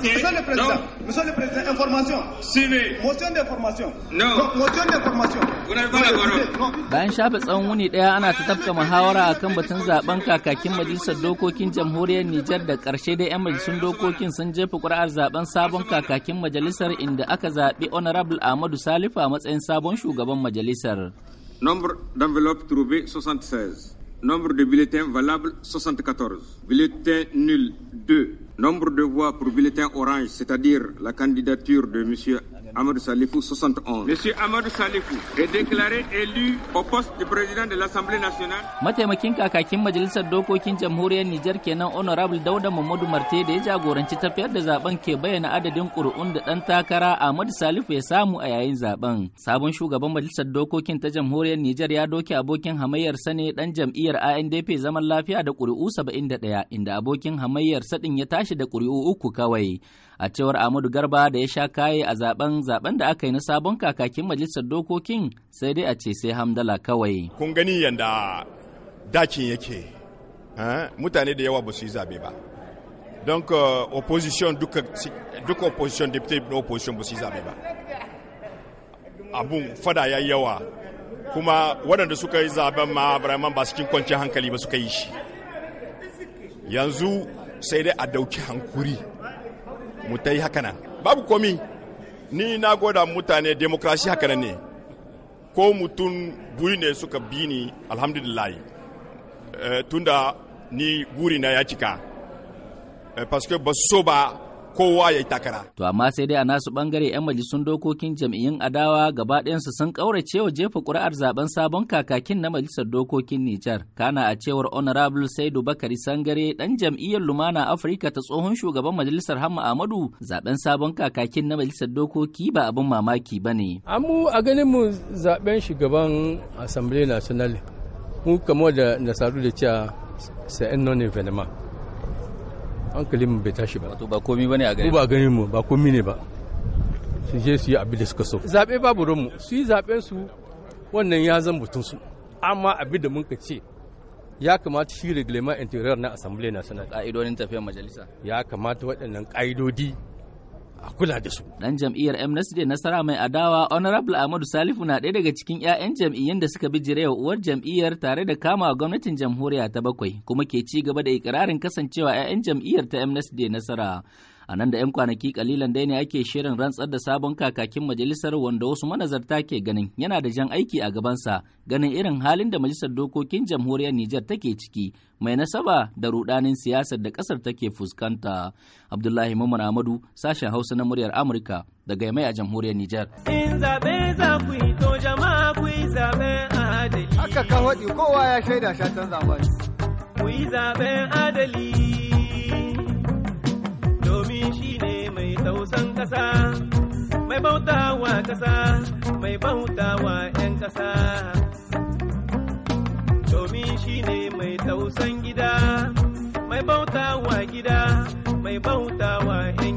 Okay. Monsieur le Président, non. Monsieur le Président, information. Suivez. Motion d'information. Non. non. Motion d'information. Bayan shafe tsawon wuni ɗaya ana ta tafka muhawara a kan batun zaben kakakin majalisar dokokin jamhuriyar Nijar da ƙarshe da 'yan majalisun dokokin sun jefa ƙuri'ar zaben sabon kakakin majalisar inda aka zaɓi Honorable Ahmadu Salifu a matsayin sabon shugaban majalisar. Nombre d'enveloppe trouvé 76. Nombre de bulletins valable 74. Bulletin nul 2. Nombre de voix pour bulletin orange, c'est-à-dire la candidature de M. Amadou Salifou, 71. Monsieur Amadou Salifou est déclaré élu au poste de président de l'Assemblée nationale. Mataimakin kakakin Majalisar Dokokin Jamhuriyar Nijar kenan Honorable Dauda Mamadu Marte da ya jagoranci tafiyar da zaben ke bayyana adadin ƙuri'un da dan takara Amadou Salifu ya samu a yayin zaben. Sabon shugaban Majalisar Dokokin ta Jamhuriyar Nijar ya doke abokin hamayyar sane dan jam'iyyar ANDP zaman lafiya da ƙuri'u 71 inda abokin hamayyar sadin ya tashi da ƙuri'u uku kawai. A cewar amadu Garba da ya sha kaye a zaben zaben da aka yi na sabon kakakin majalisar dokokin sai dai a ce sai hamdala kawai. Kun gani yadda dakin yake, eh? mutane da yawa ba su yi zabe ba. Don opposition duka opposition deputy na opposition ba su yi zabe ba. Abun fada ya yawa kuma waɗanda suka yi zaben ma Ibrahim ba cikin kwanciyar hankali ba suka yi shi. Yanzu sai dai a dauki hankuri mu ta yi haka nan. Babu komi ni na goda mutane demokrasi haka ne ko mutum buri ne suka bi ni alhamdulillah eh, tunda ni guri na ya cika eh, parce que ba so ba kowa ya yi takara. To amma sai dai a nasu bangare 'yan majalisun dokokin jam'iyyun adawa gaba ɗayansu sun ƙaurace wa jefa ƙuri'ar zaben sabon kakakin na majalisar dokokin Nijar. Kana a cewar Honorable Saidu Bakari Sangare ɗan jam'iyyar Lumana Afirka ta tsohon shugaban majalisar Hamma Ahmadu zaben sabon kakakin na majalisar dokoki ba abin mamaki ba ne. Amu a ganin mu zaben shugaban Assembly National mu kamar da nasaru da cewa sa'in non evenement hankalin mu bai tashi ba wato ba komi bane a gani. ba ganin mu ba komi ne ba su je su yi abin da suka so zabe babu ranmu su yi zaben su wannan ya zan butun su amma abin da mun ka ce ya kamata shi reglement interior na assemblée nationale ka'idodin tafiyar majalisa ya kamata waɗannan ƙa'idodi a kula da su. Dan jam'iyyar Amnesty da nasara mai adawa Honorable Ahmadu Salifu na ɗaya daga cikin 'ya'yan jam'iyyun da suka bijire wa uwar jam'iyyar tare da kama gwamnatin jamhuriya ta bakwai kuma ke ci gaba da ikirarin kasancewa 'ya'yan jam'iyyar ta Amnesty da nasara. A nan da 'yan kwanaki kalilan dai ne ake shirin rantsar da sabon kakakin majalisar wanda wasu manazarta ke ganin yana da jan aiki a gabansa ganin irin halin da majalisar dokokin jamhuriyar Nijar take ciki mai nasaba da rudanin siyasar da kasar take fuskanta. Abdullahi Mamman Ahmadu sashen Hausa na muryar Amurka daga mai a jamhuriyar Nijar. Haka ka kowa ya shaida shatan zaben. Ku yi zaben adali. ƙasa mai bautawa 'yan ƙasa domin shi ne mai tausan gida mai bautawa gida mai bautawa 'yan